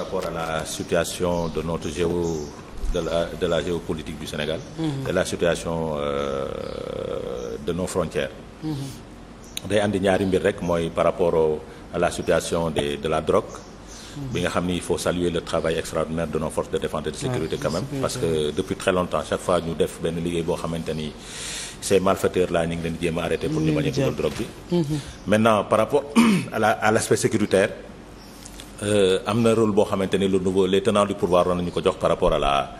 rapport à la situation de notre géo de la la géopolitique du Sénégal. Mm la situation euh, de nos frontières. Mhm. day andi ñaari mbir rek mooy par rapport au, à la situation de de la drogue. Mhm. bi nga xam ni il faut saluer le travail extraordinaire de nos forces de défense de sécurité parce que depuis très longtemps chaque fois ñu def benn liggéey boo xamante ni ces malfaiteurs là ñu ngi leen jéem a arrêté pour ñu bañ a drogue bi mhm. maintenant par rapport à la à l'aspect Euh, am na rôle boo xamante ni le nouveau les tenants du pouvoir war nañu ko jox par rapport à la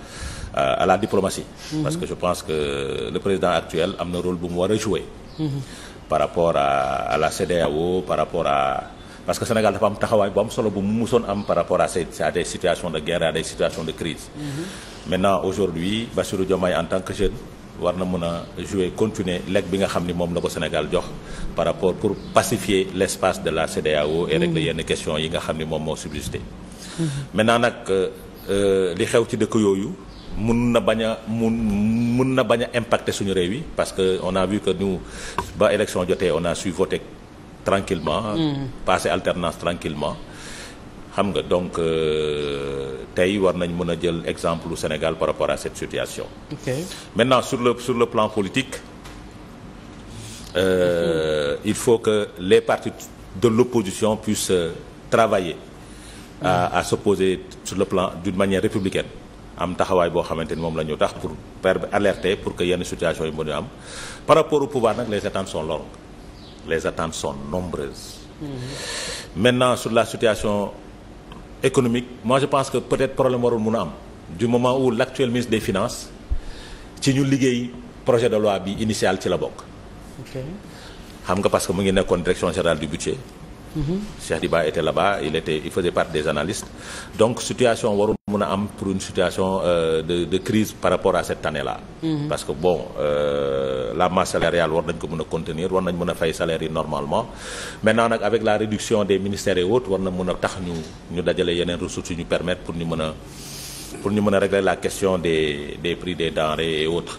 euh, à la diplomatie. Mhm. parce que je pense que le président actuel am na rôle bu mu war a jouer. Mhm. par rapport à à la CEDEAO par rapport à. parce que Sénégal dafa am taxawaay bu am solo bu mu musoon am par rapport à ces à de guerre à de crise. Mm aujourd'hui Bassirou Diomaye en tant que jeune. war na mën a jouer continuer lekk bi nga xam ni moom la ko Sénégal jox par rapport pour pacifier l' espace de la CEDEAO et régler mm. yenn question yi nga xam ni moom moo subsisté mm-hmm. maintenant nag euh, euh, li xew ci dëkk yooyu mun na bañ a mun mun na bañ a impacter suñu réew yi parce que on a vu que nous ba élection jotee on a su voté tranquillement mm. passer alternance tranquillement xam nga donc euh, tey war nañ mën a jël exemple lu Sénégal par rapport à cette situation. maintenant sur le sur le plan politique euh, il faut que les partis de l'opposition puissent euh, travailler à mm. à s'opposer sur le plan d'une manière républicaine am taxawaay boo xamante ni moom la ñu tax pour per alerter pour que yenn situation yi mën a am par rapport au pouvoir nag les attentes sont longues les attentes sont nombreuses. Mmh. maintenant sur la situation. économique moi je pense que peut-être problème warul mun am du moment où l'actuel ministre des finances ci ñu liggéey projet de loi bi initial ci la bokk. xam nga parce que mu ngi nekkoon direction générale du budget. Mm-hmm. Cheikh Diba était là-bas il était il faisait partie des analystes donc situation warul. mun a am pour une situation euh, de crise par rapport à cette année là. Mhm. parce que bon euh, la masse salariale war nañ ko mun a contenir war nañ mun a fay salaire yi normalement maintenant nag avec la réduction des ministères et autres war na mën a tax ñu ñu dajale yeneen ressources ñu permettre pour ñu mën a pour ñu mën a régler la question des des prix des denrées et autres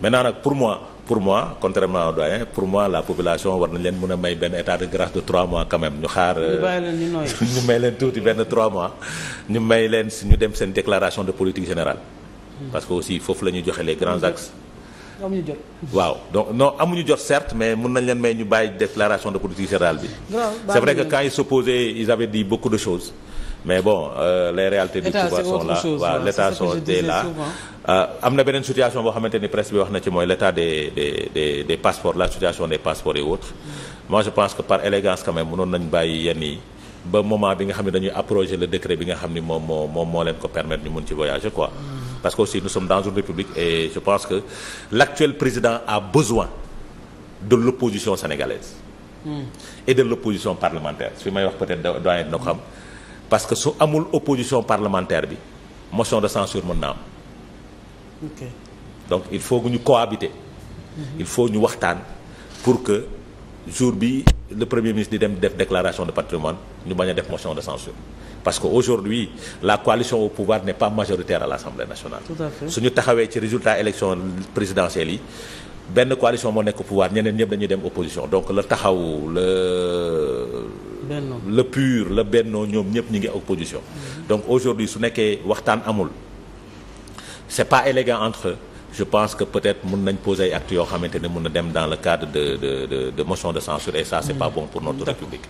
maintenant nag pour moi. pour moi contrairement au doyen pour moi la population war nañ leen mën a may benn état de grâce de trois mois quand ñu xaar. Euh, ñu may leen tuuti benn trois mois. ñu may leen si ñu dem seen déclaration de politique générale. Hmm. parce que aussi foofu la ñuy joxe les grands hmm. axes. amuñu jot waaw donc no amuñu jot certes mais mën nañ leen may ñu bàyyi déclaration de politique générale bi. c'est vrai que quand ils s'opposaient ils avaient dit beaucoup de choses. mais bon euh, les réalités Euh, am na beneen situation boo xamante ni presse bi wax na ci mooy l' état des des des des passeports la situation des passeports et autres moi je pense que par élégance quand même mënoon nañ bàyyi yenn yi ba moment bi nga xam ne dañuy approcher le décret bi nga xam ni moom moo leen ko permettre ñu mun ci voyager quoi. parce que aussi nous sommes dans une république et je pense que l' actuel président a besoin de l' opposition sénégalaise. Hmm. et de l' opposition parlementaire su may wax peut-être doyen dina ko que su amul opposition parlementaire bi motion de censure mën na am. ok donc il faut que ñu cohabiter. Mhm. il faut ñu waxtaan pour que jour bi le premier ministre di dem def déclaration de patrimoine ñu bañ a def motion de censure parce que aujourd'hui la coalition au pouvoir n'est pas majoritaire à l'Assemblée nationale. tout à fait su ñu taxawee ci résultat élection présidentielle yi. benn coalition moo nekk pouvoir ñeneen ñëpp dañuy dem opposition donc la taxaw la le pur la bennoo ñoom ñëpp ñu ngi opposition mhm. donc aujourd'hui su nekkee waxtaan amul c'est pas élégant entre eux je pense que peut-être mën nañ poser ay actes yoo xamante ne mën na dem dans le cadre de de de de motion de censure et c'est pas bon pour notre République